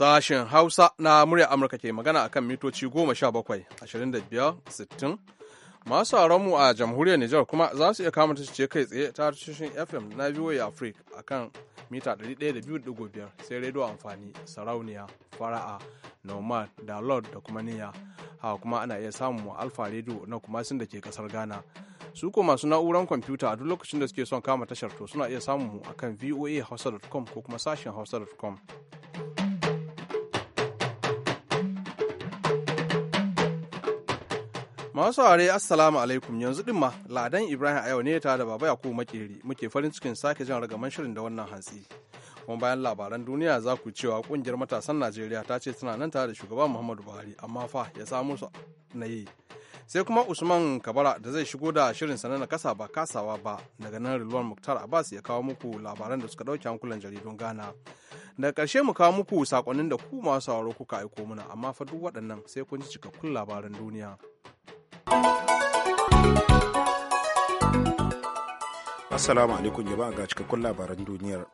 Sashen Hausa na murya Amurka ke magana akan mitoci 17, 25, 60. Masu mu a jamhuriyar Nijar kuma za su iya kama ce kai tsaye ta tashoshin FM na VOA Africa akan mita 102.5 sai rediyo amfani sarauniya fara'a nomad da lord da kuma niya haka kuma ana iya samun alfa rediyo na kuma sun da ke kasar ghana su ko masu na'uran kwamfuta a duk lokacin da suke son kama tashar to suna iya samun mu akan hausa.com ko kuma sashen hausa.com Masu ware Assalamu alaikum yanzu din ma Ladan Ibrahim yau ne tare da Baba Yakubu Makeri muke farin cikin sake jan ragaman shirin da wannan hantsi. Kuma bayan labaran duniya za ku cewa kungiyar matasan Najeriya ta ce tana nan tare da shugaba Muhammadu Buhari amma fa ya samu su na yi. Sai kuma Usman Kabara da zai shigo da shirin sana na kasa ba kasawa ba daga nan Rilwan Muktar Abbas ya kawo muku labaran da suka dauke hankulan jaridun Ghana. Daga karshe mu kawo muku sakonnin da ku masu sauraro kuka aiko mana amma fa duk waɗannan sai kun ci cikakkun labaran duniya. Assalamu alaikum jama'a ga cikakkun labaran duniyar.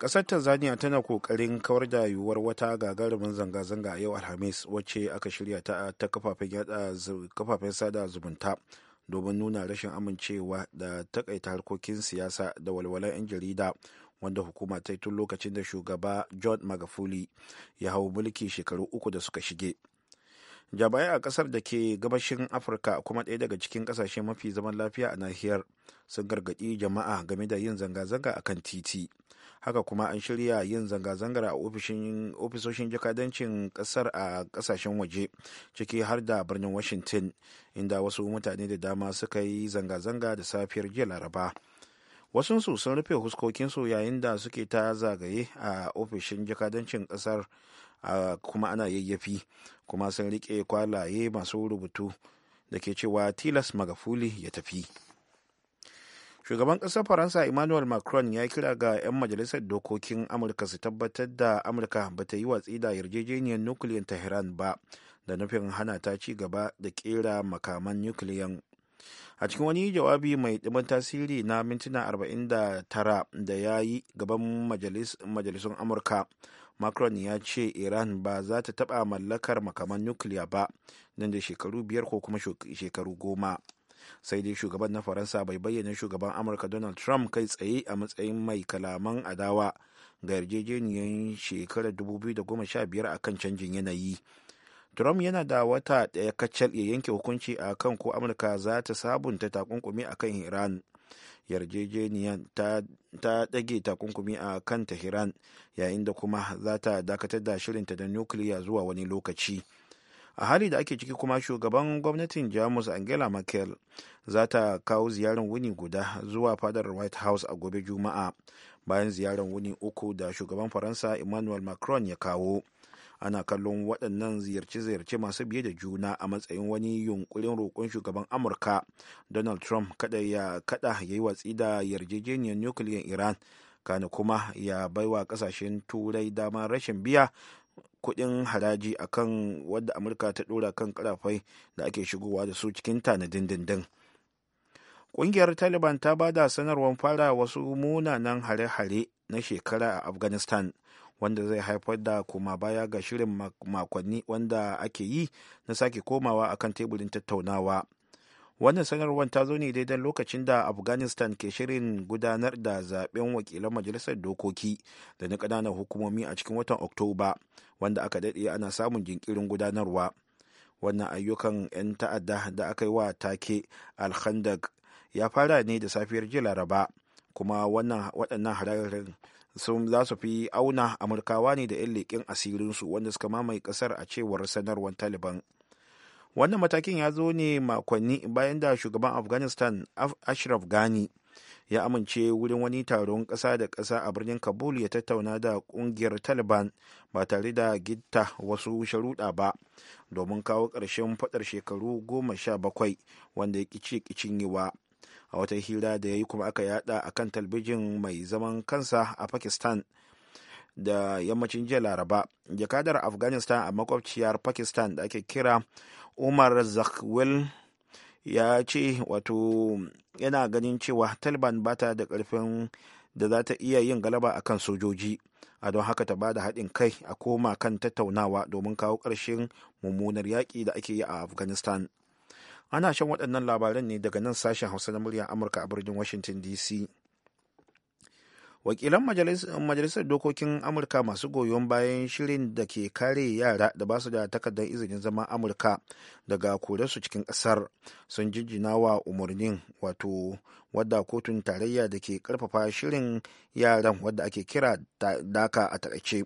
Kasar Tanzania tana kokarin kawar da yiwuwar wata gagarumin zanga-zanga a yau Alhamis wacce aka shirya ta ta kafafen sada zumunta domin nuna rashin amincewa da takaita harkokin siyasa da walwalan 'yan jarida wanda hukuma ta yi tun lokacin da shugaba John Magafuli ya hau mulki shekaru uku da suka shige. jabai a kasar da ke gabashin afirka kuma ɗaya daga cikin ƙasashe mafi zaman lafiya a nahiyar sun gargaɗi jama'a game da yin zanga-zanga a kan titi haka kuma an shirya yin zanga-zangar a ofisoshin jakadancin ƙasar a ƙasashen waje ciki har da birnin washington inda wasu mutane da dama suka yi zanga-zanga da safiyar jiya laraba wasunsu sun rufe huskokinsu yayin da suke ta zagaye a ofishin jakadancin ƙasar kuma ana yayyafi kuma sun riƙe kwalaye masu rubutu da ke cewa tilas magafuli ya tafi shugaban ƙasar faransa emmanuel macron ya kira ga 'yan majalisar dokokin amurka su tabbatar da amurka ba ta yi watsi da yarjejeniyar nukiliyan tehran ba da nufin hana ta ci gaba da kera makaman nukiliyan a cikin wani jawabi mai ɗimin tasiri na mintuna 49 da ya yi gaban majalisun amurka macron ya ce iran ba za ta taɓa mallakar makaman nukiliya ba nan da shekaru biyar ko kuma shekaru goma sai dai shugaban na faransa bai bayyana shugaban amurka donald trump kai tsaye a matsayin mai kalaman adawa ga yarjejeniyar shekarar 2015 a kan canjin yanayi trump yana da wata ɗaya kacal ya yanke hukunci a kan ko amurka za ta sabunta takunkumi a kan iran yarjejeniyar ta ɗage takunkumi a kan tehran yayin da kuma za ta dakatar da shirinta da nukiliya zuwa wani lokaci a hali da ake ciki kuma shugaban gwamnatin jamus angela merkel za ta kawo ziyarar wuni guda zuwa fadar white house a gobe juma'a bayan ziyarar wuni uku da shugaban faransa emmanuel macron ya kawo ana kallon waɗannan ziyarce-ziyarce masu biye da juna a matsayin wani yunkurin roƙon shugaban amurka donald trump kada ya kada ya yi watsi da yarjejeniyar nukiliyan iran kana kuma ya baiwa ƙasashen turai damar rashin biya kuɗin haraji kan wadda amurka ta ɗora kan ƙarafai da ake shigowa da su cikin tanadin dindindin ƙungiyar taliban ta ba da sanarwar fara wasu munanan hare-hare na shekara a afghanistan wanda zai haifar da koma baya ga shirin makonni wanda ake yi na sake komawa a kan teburin tattaunawa wannan sanarwar ta zo ne daidai lokacin da afghanistan ke shirin gudanar da zaben wakilan majalisar dokoki da na ƙananan hukumomi a cikin watan oktoba wanda aka daɗe ana samun jinkirin gudanarwa wannan ayyukan 'yan ta'adda da aka yi wa take alhandag ya fara ne da safiyar ji laraba kuma waɗannan hararin sun za su fi auna amurkawa ne da 'yan leƙen asirinsu wanda suka mamaye ƙasar a cewar sanarwar taliban wannan matakin ya zo ne makonni bayan da shugaban afghanistan ashraf ghani ya amince wurin wani taron ƙasa da ƙasa a birnin kabul ya tattauna da ƙungiyar taliban ba tare da gitta wasu sharuɗa ba domin kawo ƙarshen faɗar shekaru goma sha bakwai wanda ya ƙici ƙicin yiwa a wata hira da ya yi kuma aka yada a kan talbijin mai zaman kansa a pakistan da yammacin jiya laraba jakadar afghanistan a makwabciyar pakistan da ake kira umar zakwil ya ce wato yana ganin cewa taliban ba ta da karfin da za ta iya yin galaba a kan sojoji a don haka ta ba da haɗin kai a koma kan tattaunawa domin kawo ƙarshen mummunar yaƙi da ake yi a afghanistan ana shan waɗannan labaran ne daga nan sashen hausa na muryar amurka a birnin washington dc wakilan majalisar dokokin amurka masu goyon bayan shirin da ke kare yara da ba su da takardar izinin zama amurka daga korarsu cikin kasar sun jinjina wa umarnin wato wadda kotun tarayya da ke karfafa shirin yaran wadda ake kira daka a takaice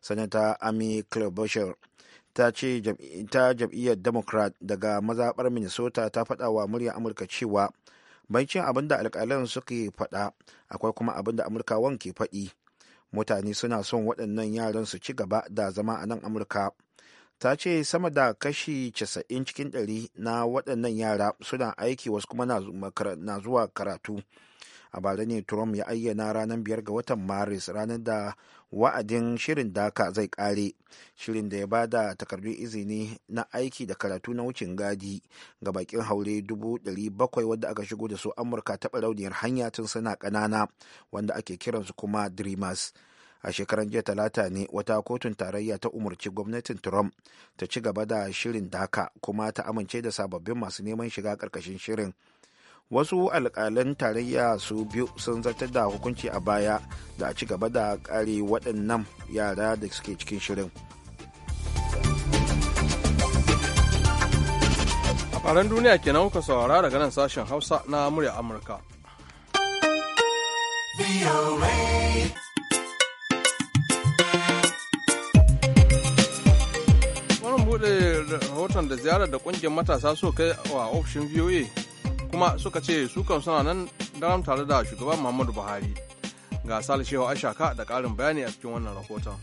sanata ami klobuchar ta ce ta jam'iyyar democrat daga mazaɓar minnesota ta faɗa wa murya amurka cewa bancin abin da alƙalan suke faɗa akwai kuma abin da amurkawan ke faɗi mutane suna son waɗannan yaran su ci gaba da zama a nan amurka ta ce sama da kashi casa'in cikin ɗari na waɗannan yara suna aiki wasu kuma na zuwa karatu a bara ne trump ya ayyana ranar biyar ga watan maris ranar da wa'adin shirin daka zai kare shirin da ya ba da takardun izini na aiki da karatu na wucin gadi ga bakin haure 700 wadda aka shigo da su amurka taɓa rauniyar hanya tun suna ƙanana wanda ake kiransu kuma dreamers a shekaran jiya talata ne wata kotun tarayya ta umarci gwamnatin trump ta ci gaba da shirin daka kuma ta amince da sababbin masu neman shiga ƙarƙashin shirin wasu alkalan tarayya su biyu sun zartar da hukunci a baya da a ci gaba da kare waɗannan yara da suke cikin shirin a faran duniya kenan kuka saurara daga nan sashen hausa na murya amurka wannan buɗe rahoton da ziyarar da ƙungiyar matasa so kai wa ofishin voa kuma suka ce su kan suna nan daram tare da shugaban muhammadu buhari ga salishewa ashaka da ƙarin bayani a cikin wannan rahoton.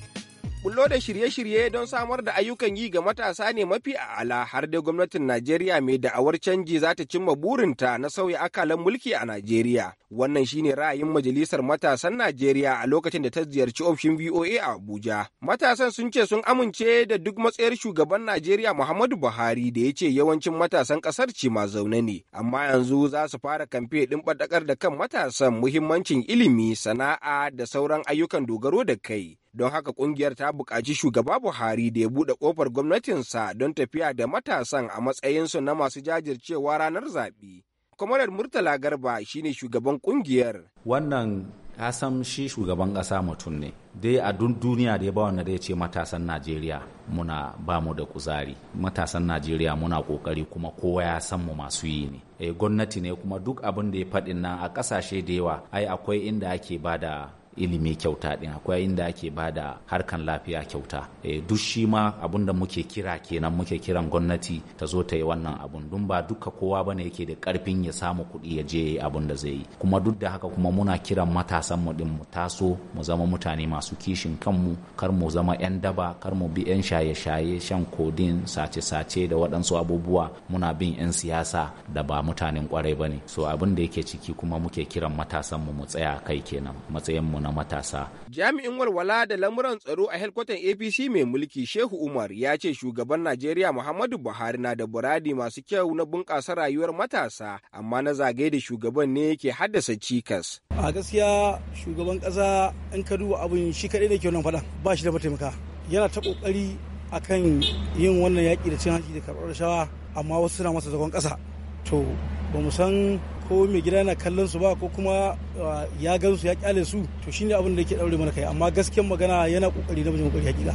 Kullo da shirye-shirye don samar da ayyukan yi ga matasa ne mafi a'ala har dai gwamnatin Najeriya mai da'awar canji za ta cimma burinta na sauya akalan mulki a Najeriya. Wannan shine ra'ayin majalisar matasan Najeriya a lokacin da ta ziyarci ofishin VOA a Abuja. Matasan sun ce sun amince da duk matsayar shugaban Najeriya Muhammadu Buhari da ya ce yawancin matasan ƙasar ce ma zaune ne, amma yanzu za su fara kamfe ɗin ɓadakar da kan matasan muhimmancin ilimi, sana'a da sauran ayyukan dogaro da kai. Don haka kungiyar ta bukaci shugaba Buhari da ya buɗe ƙofar gwamnatinsa don tafiya da matasan a matsayinsu na masu jajircewa ranar zaɓe. Kwamarar Murtala Garba shine shugaban kungiyar. Wannan kasan shi shugaban ƙasa mutum ne dai a duniya da ya ba wanda ya ce matasan najeriya muna ba mu da kuzari matasan najeriya muna kokari kuma kowa ya san mu masu yi ne eh, gwamnati ne kuma duk abin da ya faɗin nan a ƙasashe da yawa ai akwai inda ake ba da ilimi kyauta din akwai inda ake ba da harkan lafiya kyauta e, duk shi ma abun da muke kira kenan muke kiran gwamnati ta zo ta yi wannan abun dun ba duka kowa bane yake da karfin ya samu kuɗi ya je abun da zai yi kuma duk da haka kuma muna kiran matasan mu din mu taso mu zama mutane masu kishin kanmu kar mu zama yan daba kar mu bi yan shaye-shaye shan kodin sace-sace da waɗansu abubuwa muna bin yan siyasa da ba mutanen kwarai bane so abin da yake ciki kuma muke kiran matasan mu mu tsaya kai kenan matsayin mu na matasa. Jami'in walwala da lamuran tsaro a helkwatan APC mai mulki Shehu Umar ya ce shugaban Najeriya Muhammadu Buhari na da buradi masu kyau na bunƙasa rayuwar matasa amma na zagaye da shugaban ne yake haddasa cikas. A gaskiya shugaban ƙasa in ka duba abin shi kaɗai da kyau nan faɗa ba shi da mataimaka yana ta ƙoƙari akan yin wannan yaƙi da cin hanci da karɓar rashawa amma wasu suna masa zagon ƙasa. to ba mu san ko mai gida yana kallon su ba ko kuma ah, ya gansu ya kyale su to shi ne abin da yake daure mana kai amma gaskiyar magana yana kokari na mijin kokari hakika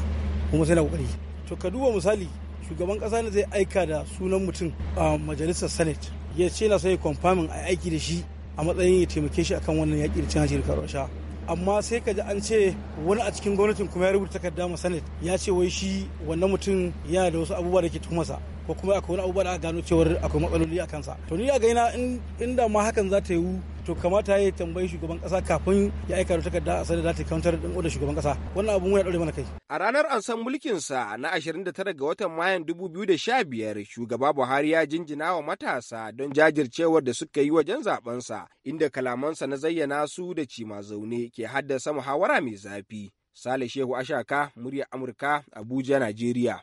kuma sai na kokari to ka duba misali shugaban kasa ne zai aika da sunan mutum a majalisar senate ya ce na sai confirming a aiki da shi a matsayin ya taimake shi akan wannan yaƙi da cin hanci da karwasha amma sai ka ji an ce wani a cikin gwamnatin kuma ya rubuta takarda ma sanet ya ce wai shi wannan mutum yana da wasu abubuwa da ke tumasa ko kuma akwai wani abubuwa da aka gano cewar akwai matsaloli a kansa to ni a gaina in da ma hakan za ta yiwu to kamata ya tambayi shugaban kasa kafin ya aika da takarda a sanar da ta kawantar din odar shugaban kasa wannan abu ya daure mana kai a ranar an san mulkin sa na 29 ga watan mayan 2015 shugaba Buhari ya jinjina wa matasa don jajircewar da suka yi wajen zaben sa inda kalamansa na zayyana su da cima zaune ke haddasa muhawara mai zafi Sale Shehu Ashaka, murya Amurka, Abuja, Najeriya.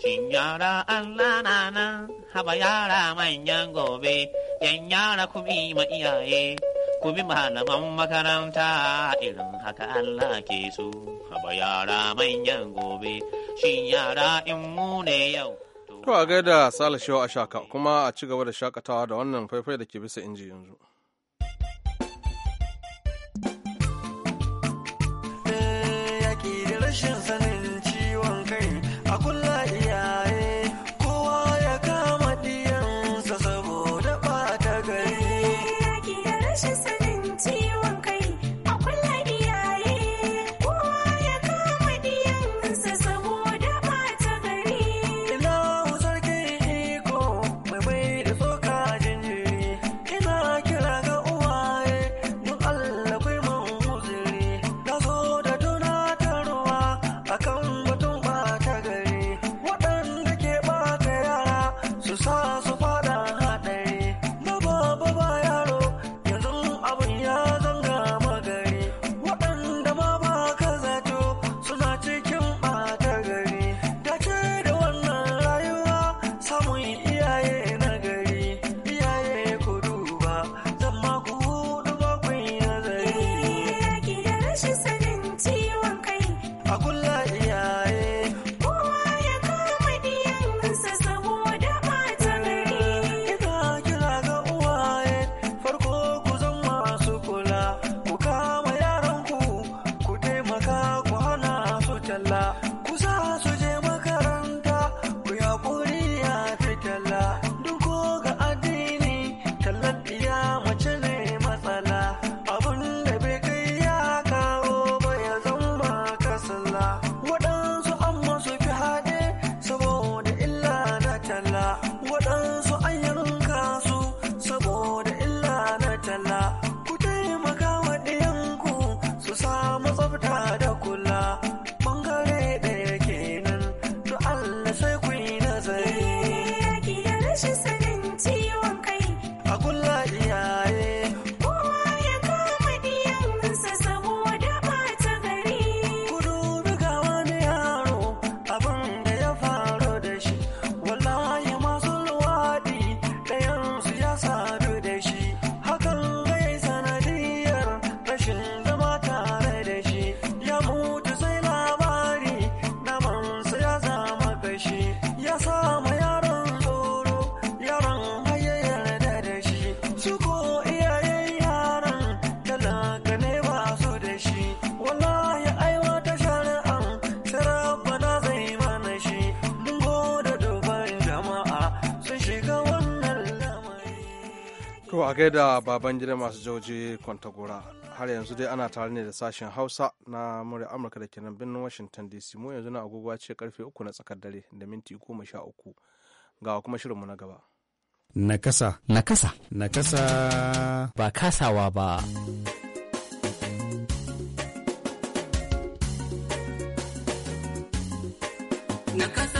Shin yara Allah na nan haba yara manyan gobe, yan yara ku bi ma iyaye, ku bi malaman makaranta irin haka Allah ke so. Haba yara manyan gobe, shin yara in mu ne yau. To a gaida Sale a shaka kuma a ci gaba da shakatawa da wannan faifai da ke bisa inji yanzu. ƙi eh, rashin sanin ciwon kai a kullum gaida baban gida masu jauje kwantagora har yanzu dai ana tare ne da sashen hausa na murya amurka da kenan birnin washington dc mu yanzu na agogo ce karfe uku na tsakar dare da minti goma sha uku ga kuma shirinmu na gaba nakasa nakasa nakasa ba kasawa ba nakasa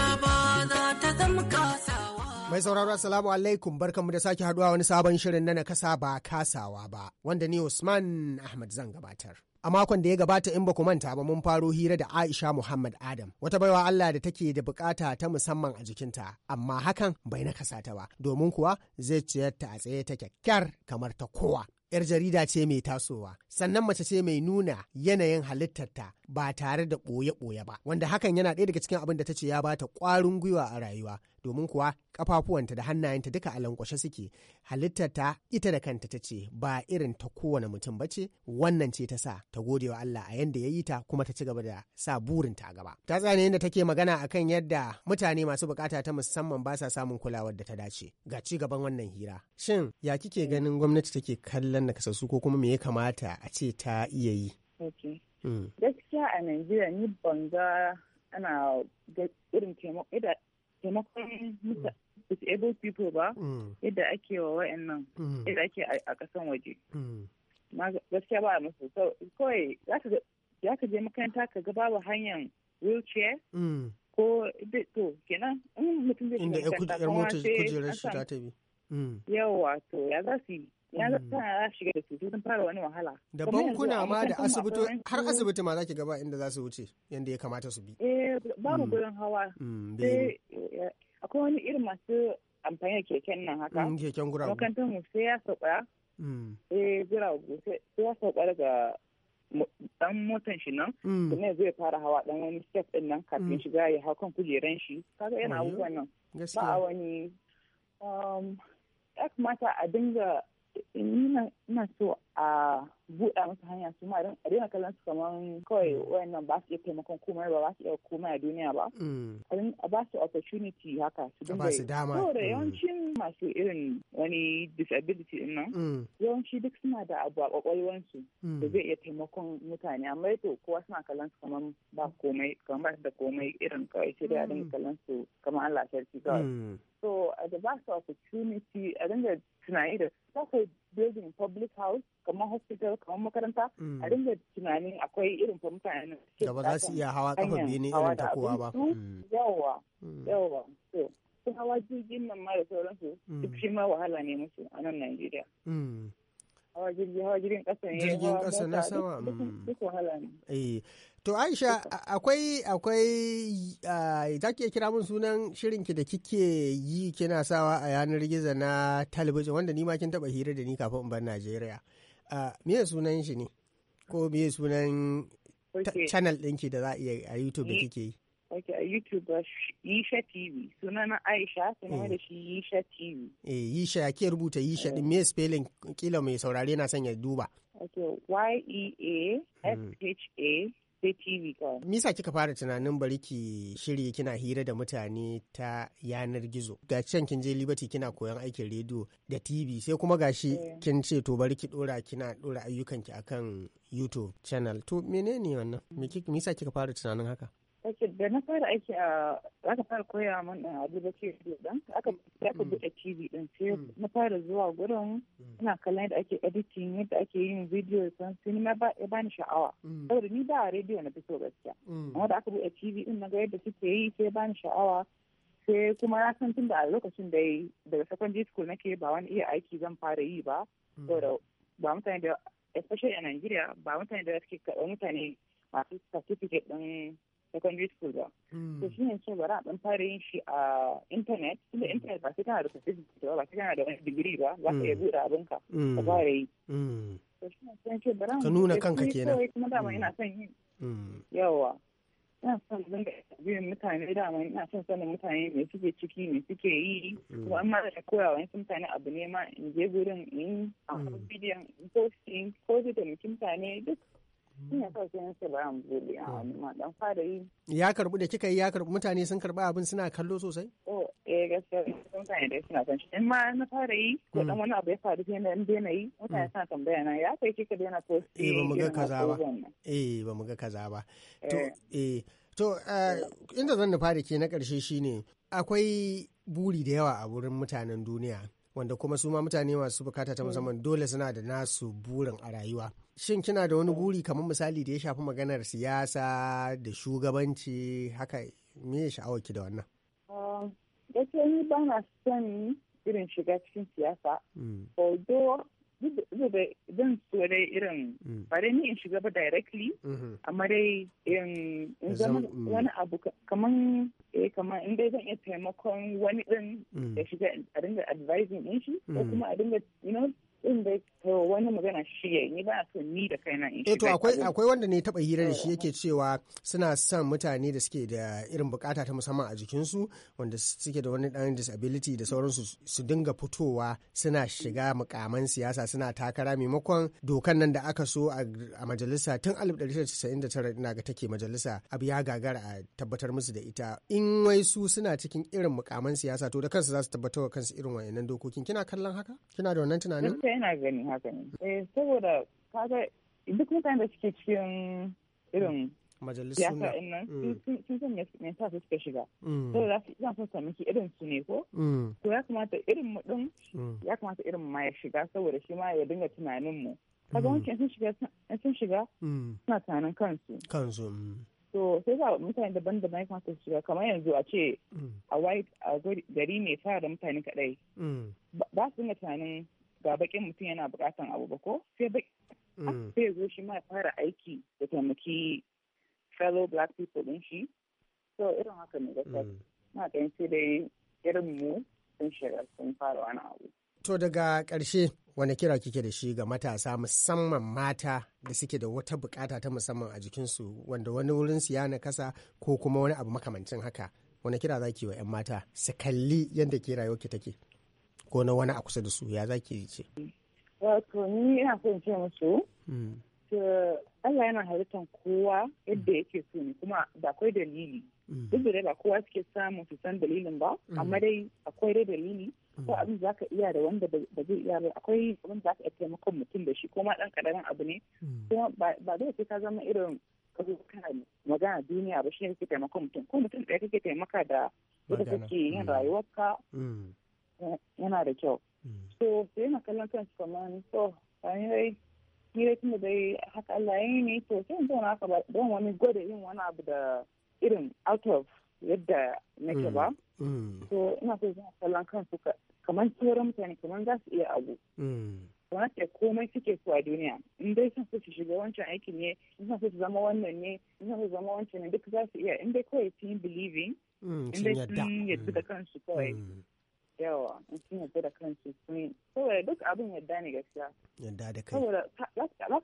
Mai sauraro Assalamu alaikum barkanmu da sake haduwa wani sabon shirin na nakasa ba kasawa ba wanda ni Usman Ahmad zan gabatar. A makon da ya gabata in ba ku manta ba mun faro hira da Aisha Muhammad Adam wata baiwa Allah da take da bukata ta musamman a jikinta amma hakan bai nakasa ta ba domin kuwa zai ciyar ta a tsaye ta kyakkyar kamar ta kowa. 'yar jarida ce mai tasowa sannan mace ce mai nuna yanayin halittarta ba tare da ɓoye-ɓoye ba wanda hakan yana ɗaya daga cikin abin da ta ce ya bata ƙwarin gwiwa a rayuwa domin kuwa kafafuwanta da hannayenta duka a lankwashe suke halittarta ita da kanta ta ce ba irin ta kowane mutum ba ce wannan ce ta sa ta gode wa Allah a yanda ya yi ta kuma ta ci gaba da sa burinta a gaba ta tsani yadda take magana akan yadda mutane masu bukata ta musamman ba sa samun kulawar da ta dace ga ci gaban wannan hira shin ya kike ganin gwamnati take kallon nakasassu ko kuma me ya kamata a ce ta iya yi Mm. gaskiya a najeriya ni ban ga ana ga irin taimakon mm. disabled people ba mm. yadda ake wa wa'annan yadda ake a kasan waje gaskiya ba musu kawai za ka je makaranta ka ga babu hanyar wheelchair ko to kenan in mutum zai shiga makaranta kuma sai yawa to ya za su yi ya mm. za shiga da su sun fara wani wahala da bankuna ma da asibiti har asibiti ma za ki gaba inda za su wuce yadda ya kamata su bi eh babu mm. gudun hawa mm, sai eh, akwai wani irin masu amfani da keken nan haka keken guragu makarantar mu sai ya sauka eh guragu sai ya sauka daga dan motan shi nan kuma zai fara hawa dan wani step din nan kafin shiga ya hau kan kujeran shi kaga yana abubuwan nan ba a wani um, ya kamata a dinga Eh, ina ina so a buɗa musu hanya su ma a daina kallon su kamar kawai mm. wayannan ba su iya taimakon komai ba ba su iya komai a duniya ba mm. a ba su opportunity haka su dinga so da mm. yawancin masu irin wani disability din nan yawanci duk suna da abu a kwakwalwan su da zai iya taimakon mutane amma yato kowa suna kallon su kamar ba komai kamar ba su da komai irin kawai sai dai a daina kallon su kamar Allah sarki kawai so da ba su opportunity a dinga tunani da za building public house kamar hospital kamar makaranta a mm. dinga tunanin akwai irin fa mutanen da ba za su iya hawa kafa ne irin ta kowa ba mm. yawa mm. yawa so su hawa jirgin nan ma da sauransu duk shi ma wahala ne musu a nan Najeriya hawa jirgin hawa jirgin kasa ne jirgin kasa na sama duk wahala ne eh, To Aisha akwai akwai ah, za ki kira mun sunan shirin ki da kike yi kina sawa a yanar gizo na talabijin wanda ni ma kin taba hira da ni kafin in bar Najeriya. Ah, me sunan shi ne? Ko me sunan channel ɗinki da za a iya a YouTube da kike yi? a YouTube uh, Yisha TV. Sunana Aisha, suna eh. da shi Yisha TV. Eh, Yisha, ke rubuta Yisha din me spelling kila mai saurare na son ya duba. Okay Y-E-A-S-H-A sai TV kawai. Misa kika fara tunanin bari ki shirye kina hira da mutane ta yanar gizo. Ga can kin je Liberty kina koyon aikin rediyo da TV sai kuma gashi eh. kin ce to bari ki dora kina dora ayyukanki akan YouTube channel. To menene wannan? Me misa kika fara tunanin haka? Okay, da na fara aiki a ka fara koya min a eh, Abubakar Dutsen aka aka buɗe mm. TV din sai mm. na fara zuwa gurin mm. ina kallon yadda ake editing yadda ake yin video san ba ya bani sha'awa saboda ni ba radio na fito gaskiya amma da aka buɗe TV din na ga yadda suke yi sai bani sha'awa sai kuma na san tun da a lokacin da daga secondary school nake ba wani iya aiki zan fara yi ba saboda ba mutane da especially a Nigeria ba mutane da suke karɓar mutane masu certificate din secondary school ba hmm. to shi ne ce bari a ɗan fara yin shi a internet tunda hmm. internet ba sai kana da certificate ba ba sai kana da wani digiri ba za ka iya hmm. buɗe abinka ka fara yi to shi ne sai ce bari ka nuna kanka kenan kuma dama ina son yin. yawa ina son zan ga biyan mutane dama ina son sanin mutane me suke ciki me suke yi kuma amma da koya wa mutane abu ne ma in je gurin in a bidiyon posting ko da mutane duk ina kawai sai mu biya wani ma dan fara yi ya karbu da kika yi ya karbu mutane sun karba abin suna kallo sosai oh eh gaskiya mutane dai suna son shi in ma na fara yi ko hmm. dan wani abu ya faru sai na daina yi mutane hmm. suna tambaya na ya kai kika daina eh, ko eh ba mu ga kaza ba eh ba mu ga kaza ba to eh to eh, inda zan nufa da ke na karshe shine akwai buri da yawa a wurin mutanen duniya wanda kuma su ma mutane masu bukata ta hmm. musamman dole suna da nasu burin a rayuwa shin kina da wani guri kamar misali da ya shafi maganar siyasa da shugabanci haka me ya sha'awar ki da wannan um, gaskiya ni ba na son irin shiga cikin siyasa mm. although do zan so dai irin mm. ba dai ni in shiga ba directly mm-hmm. amma dai in zama mm. wani abu kaman eh kaman in dai zan iya taimakon wani din ya shiga a dinga advising din shi ko kuma a dinga you know din da wani magana shi yayi ni ba so ni da kaina in eh, to akwai akwai wanda ne taba hira da shi eh. yake cewa suna son mutane da suke da irin bukata ta musamman a jikinsu wanda suke da wani dan disability da sauransu su dinga fitowa suna shiga mukaman siyasa suna takara maimakon dokan nan da aka so a majalisa tun 1999 ina ga take majalisa abu ya gagara a tabbatar musu da ita in wai su suna cikin irin mukaman siyasa to da kansu za su tabbatar wa kansu irin wayannan dokokin kina kallon haka kina da wannan tunanin yana gani haka ne eh saboda kaga duk mutanen da suke cikin irin majalisa nan mm. sun san me yasa su suka shiga mm. saboda za su zan san sami irin su ne ko mm. to ya kamata irin mu din ya kamata irin ma ya shiga saboda shi ma ya dinga tunanin mu kaga wancan sun shiga sun shiga suna tunanin kansu kansu so sai sa mutane daban-daban ya kamata su shiga kamar yanzu a ce a white a gari mai fara da mutane kadai ba su dinga tunanin ba bakin mutum yana bukatan abu ba ko sai bai mm. sai zo shi ma fara aiki da taimaki fellow black people din shi so irin haka ne gasa mm. na ganin sai dai irin mu sun shiga sun fara wani abu to daga karshe wani kira kike da shi ga matasa musamman mata da suke da wata bukata ta musamman a jikinsu wanda wani wurin su ya nakasa ko kuma wani abu makamancin haka wani kira za ki wa 'yan mata su kalli yadda ke rayuwarki take ko na wani a kusa da su ya zaki ce wato ni ina son ce musu hmm. Allah yana halittar kowa yadda hmm. yake so ne kuma da akwai dalili hmm. duk da ba kowa suke samun su san dalilin ba amma dai akwai dai dalili ko abin za ka iya da wanda ba zai iya ba akwai abin za ka iya taimakon mutum da shi kuma dan karamin abu ne kuma ba zai sai ka zama irin ka magana duniya ba shi ne kake taimakon mutum ko mutum ɗaya kake taimaka da yadda kake yin rayuwarka yana da kyau mm. so yana kallon kansu kamar to hanyoyi ni dai da dai haka Allah ya yi ne to sai zo na haka ba don wani gwada yin wani abu da irin out of yadda nake ba mm. Mm. so ina so zan kallon su kaman tsoron mutane kaman za su iya abu Kaman da komai suke so a duniya in dai sun so su shiga wancan aiki ne in sun so su zama wannan ne in sun so su zama wancan ne duk za su iya in dai kawai sun yi believing in dai sun yadda da kansu kawai yawa sun yadda da kansu sun saboda duk abin yadda ne gaskiya yadda da kai saboda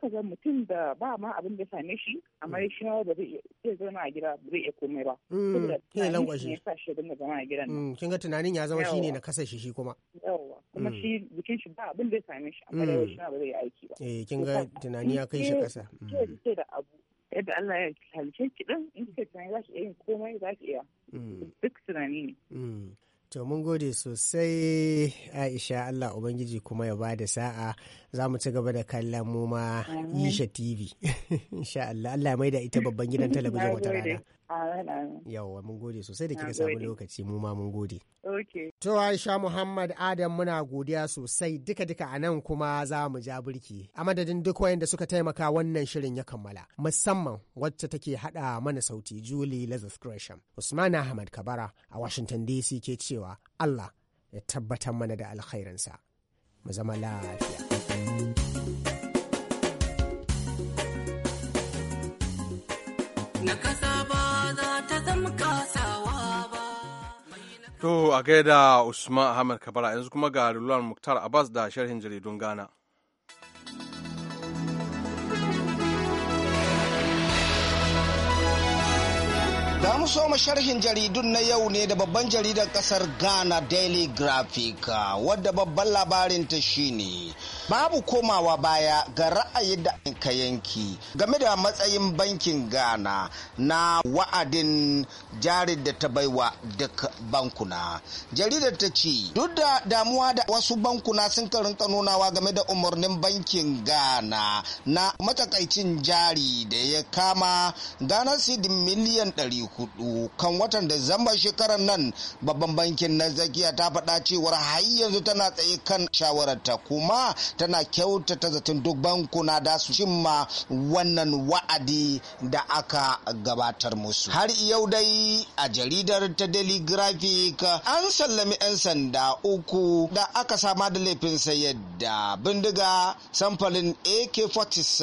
ka ga mutum da ba ma abin da same shi amma ya mm. shawo da zai iya zama a gida ba zai iya komai ba mm, saboda tunanin ya sa shi dinga zama a gidan mm, kin ga tunanin ya zama ne na kasa shi shi kuma yawa kuma shi jikin shi ba abin da ya same shi amma ya shi ba zai yi aiki ba eh kin ga tunani ya kai shi kasa ke da abu yadda Allah ya halice ki din in ce tunani za ki iya yin komai za ki iya duk tunani ne To mun gode sosai Aisha Allah Ubangiji kuma ya bada sa'a za mu ci gaba da kallon mu ma Isha TV. Insha Allah Allah mai da ita babban gidan talabijin wata rana. Yawwa mun gode sosai da kika samu lokaci mu ma mun gode. To Aisha Muhammad Adam muna godiya sosai duka duka a nan kuma za mu ja birki. A madadin duk wayanda suka taimaka wannan shirin ya kammala musamman wacce take hada mana sauti Julie Lazarus Gresham. Usman Ahmad Kabara a Washington DC ke cewa Allah ya tabbatar mana da alkhairinsa. Mu zama lafiya. na kasa ba To a gaida Usman Ahmad Kabara yanzu kuma ga Rulwan Muktar Abbas da sharhin jaridun Ghana. Da mu so sharhin jaridun na yau ne da babban jaridar kasar Ghana Daily Graphic wadda babban labarin ta shine babu komawa baya ga ra'ayi da ka yanki game da matsayin bankin Ghana na wa'adin jarin da ta baiwa duk bankuna. Jaridar ta ce duk da damuwa da wasu bankuna sun rinka nunawa game da umarnin bankin Ghana na matakaicin jari da ya kama Ghana sidin miliyan 100 hudu kan watan da zama shekarar nan babban bankin na zakiya ta faɗa cewar har yanzu tana tsaye kan shawararta kuma tana kyautata zaton duk bankuna da su cimma wannan wa'adi da aka gabatar musu. Har yau dai a jaridar ta Daily Graphic an sallami 'yan sanda uku da aka sama da laifin sayar da bindiga samfalin AK-47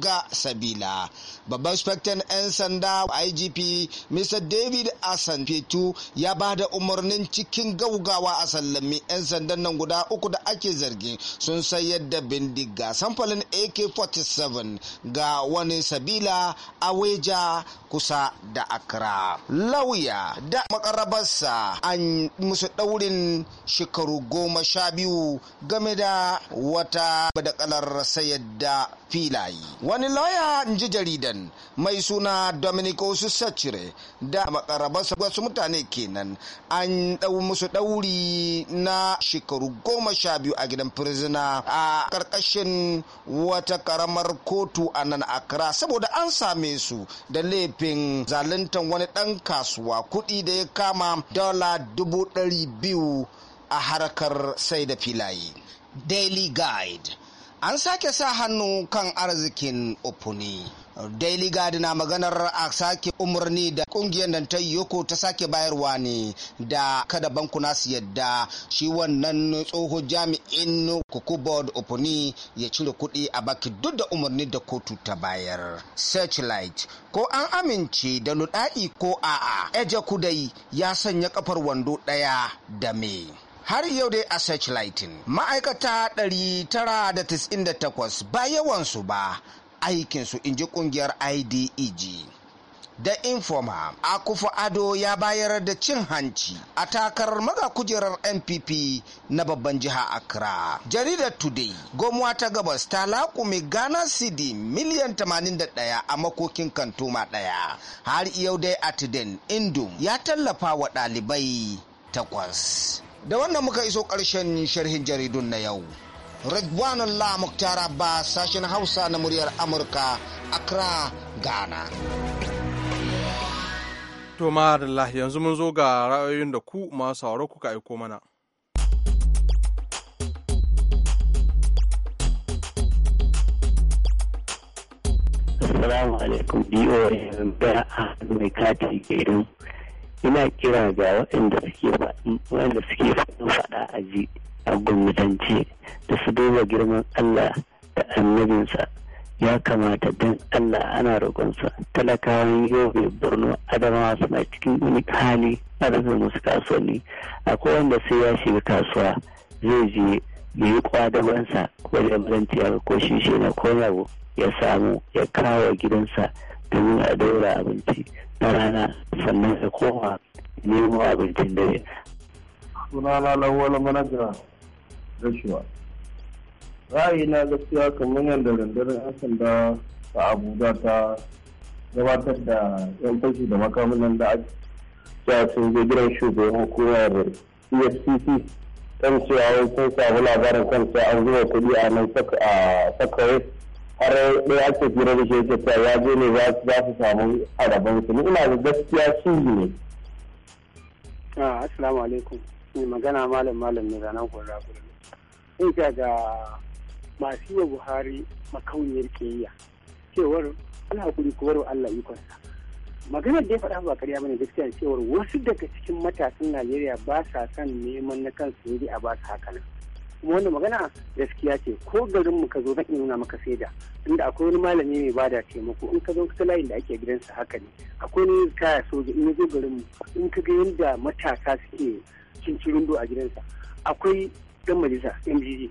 ga Sabila. Babban spectrum 'yan sanda IGP Mr. David Asan Fetu ya ba da umarnin cikin gaugawa a sallami 'yan sandan nan guda uku da ake zargi sun sayar da bindiga samfalin AK-47 ga wani sabila a weja kusa da Accra. Lauya da makarabarsa an musu ɗaurin shekaru goma sha biyu game da wata badakalar sayar da filaye. Wani lauya in ji jaridan mai suna Dominic Osusachir tigray da makarabansa wasu mutane kenan an ɗau musu ɗauri na shekaru goma sha biyu a gidan firzina a ƙarƙashin wata ƙaramar kotu a nan akra saboda an same su da laifin zaluntan wani ɗan kasuwa kuɗi da ya kama dala dubu ɗari biyu a harkar sai da filaye daily guide an sake sa hannu kan arzikin opuni daily guard na maganar a sake umarni da kungiyar nan ta yoko ta sake bayarwa ne da kada bankuna su yadda shi wannan tsoho jami'in kukubod opuni ya cire kuɗi a baki duk da umarni da kotu ta bayar searchlight ko an amince da luɗaɗi ko a'a eja kudai ya sanya kafar wando ɗaya da me har yau dai a searchlighting ma'aikata 998 ba yawansu ba aikinsu in ji kungiyar ideg da informa akufa ado ya bayar da cin hanci a takarar maga kujerar npp na babban jiha accra jaridar today gomwa ta gabas ta laƙume ghana cd miliyan 81 a makokin kantoma ɗaya har yau dai atiden indum ya tallafa wa ɗalibai takwas da wannan muka iso ƙarshen sharhin jaridun na yau Redwanullah Muktar Abbas sashen Hausa na muryar Amurka Accra, Ghana. To Allah yanzu mun zo ga ra'ayoyin da ku masu sauraro kuka aiko mana. Assalamu alaikum BOA da mai kati gidan. Ina kira ga waɗanda suke faɗa a ji. a gwamnatance da su duba girman Allah da annabinsa ya kamata don Allah ana roƙonsa talakawan yobe borno adamawa suna cikin wani hali a rasa musu kasuwanni akwai wanda sai ya shiga kasuwa zai je ya yi da wajen ya ko shishe na ko ya samu ya kawo gidansa domin a daura abinci na rana sannan ya koma nemo abincin dare. Sunana Lawal manajan. rashewa ra'ayina gaskiya kamar yadda rundunar 'yan sanda ta abuja ta gabatar da 'yan fashi da makamunan da ya sun je gidan shugaban hukumar efcc kan cewa sun samu labarin kan an zuba kuɗi a nan sakawai har ɗaya ake fira da shi yake cewa ya je ne za su samu a gaban su ina da gaskiya shi ne. Ah, assalamu alaikum. Mai magana malam malam ne ranar gora hujja ga masu yi buhari makauniyar kiyayya cewar ana hakuri wa allah ikonsa maganar da ya faɗa ba karya bane gaskiya cewar wasu daga cikin matasan najeriya ba sa son neman na kansu yi a ba su haka kuma wannan magana gaskiya ce ko garin mu ka zo zan nuna maka saida inda akwai wani malami mai bada taimako in ka zo ka layin da ake gidansa haka ne akwai wani kaya soja in zo garin mu in ka ga yadda matasa suke cincirin a gidansa akwai dan majalisa mgg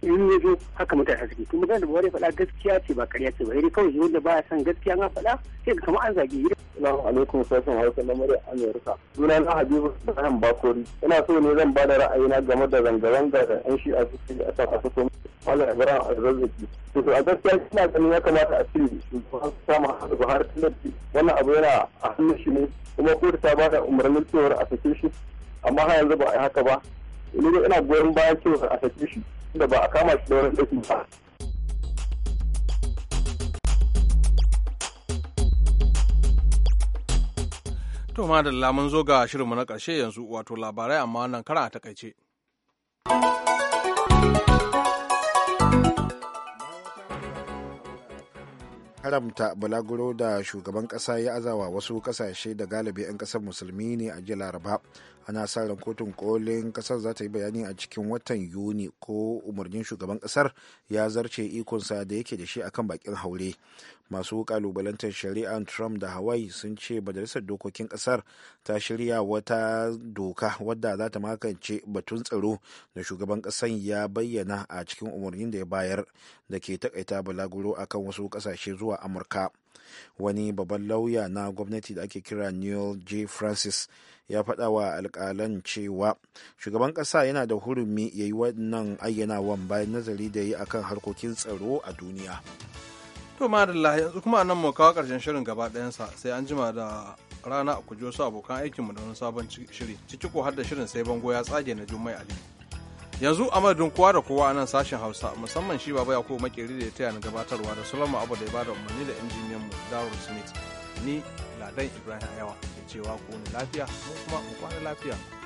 in ya zo haka mutane suke kuma zan da buhari faɗa gaskiya ce ba karya ce ba yadda kawai wanda ba baya san gaskiya na faɗa sai da kama an zage Assalamu alaikum sassan Hausa na murya Amerika. Suna na Habibu Ibrahim Bakori. Ina so ne zan ba da ra'ayina game da zanga-zanga da 'yan shi'a suke da aka kasu kuma Malam Ibrahim Arzazzaki. To a gaskiya ina ganin ya kamata a cire shugaban kama da Buhari Tilafi. Wannan abu yana a hannun shi ne kuma kotu ta ba da umarnin cewar a sake shi. Amma har yanzu ba a yi haka ba. ni ina goyon bayan cewa a sake shi da ba a kama shi da wani ba To madalla mun zo ga shirinmu na ƙarshe yanzu wato labarai amma wannan kara a takaice. haramta balaguro da shugaban ƙasa ya azawa wasu ƙasashe da galibi 'yan ƙasar musulmi ne a jiya laraba ana sa ran kotun kolin kasar za ta yi bayani a cikin watan yuni ko umarnin shugaban kasar ya zarce ikonsa da yake da shi akan bakin haure masu kalubalantar shari'ar trump da hawaii sun ce majalisar dokokin kasar ta shirya wata doka wadda za ta makance batun tsaro da shugaban kasan ya bayyana a cikin umarnin da ya bayar da ke takaita balaguro akan wasu kasashe zuwa amurka wani babban lauya na gwamnati da ake kira neil j francis ya faɗa wa alƙalan cewa shugaban ƙasa yana da hurumi ya yi wannan ayyanawan bayan nazari da yi akan harkokin tsaro a duniya. To madalla yanzu kuma nan mu kawo karshen shirin gaba ɗayansa sai an jima da rana a kujo su abokan aikinmu da wani sabon shiri ciki ko har da shirin sai bango ya tsage na jummai ali yanzu a madadin kowa da kowa a nan sashen hausa musamman shi baba ya makeri da ya taya na gabatarwa da sulama abu da ya bada umarni da injiniyan mu darul smith ni dai Ibrahim yawa ke cewa ku ne lafiya, mun kuma mu kwana lafiya.